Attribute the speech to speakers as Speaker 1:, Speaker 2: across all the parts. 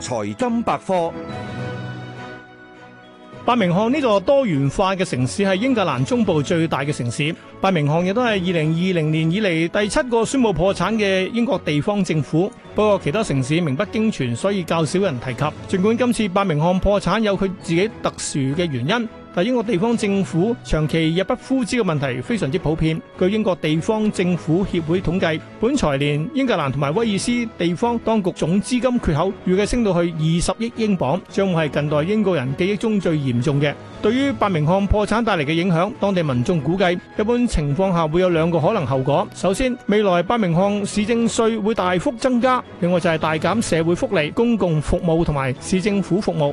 Speaker 1: 財金百科，伯明翰呢座多元化嘅城市係英格蘭中部最大嘅城市。伯明翰亦都係二零二零年以嚟第七個宣布破產嘅英國地方政府。不過其他城市名不經傳，所以較少人提及。儘管今次伯明翰破產有佢自己特殊嘅原因。但英國地方政府長期入不敷支嘅問題非常之普遍。據英國地方政府協會統計，本財年英格蘭同埋威爾斯地方當局總資金缺口預計升到去二十億英鎊，將會係近代英國人記憶中最嚴重嘅。對於伯明翰破產帶嚟嘅影響，當地民眾估計，一般情況下會有兩個可能後果：首先，未來伯明翰市政稅會大幅增加；另外就係大減社會福利、公共服務同埋市政府服務。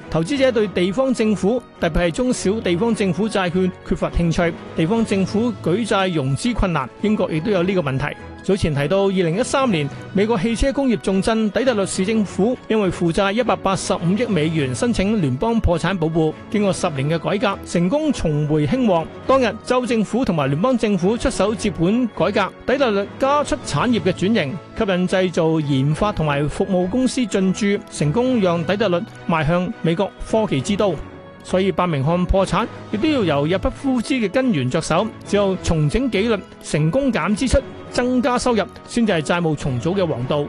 Speaker 1: 投資者對地方政府特別係中小地方政府債券缺乏興趣，地方政府舉債融資困難。英國亦都有呢個問題。早前提到，二零一三年美國汽車工業重鎮，底特律市政府因為負債一百八十五億美元，申請聯邦破產保護。經過十年嘅改革，成功重回興旺。當日州政府同埋聯邦政府出手接管改革，底特律加出產業嘅轉型，吸引製造、研發同埋服務公司進駐，成功讓底特律邁向美國。科技之都，所以伯明翰破產，亦都要由入不敷支嘅根源着手，只有重整紀律，成功減支出，增加收入，先至係債務重組嘅王道。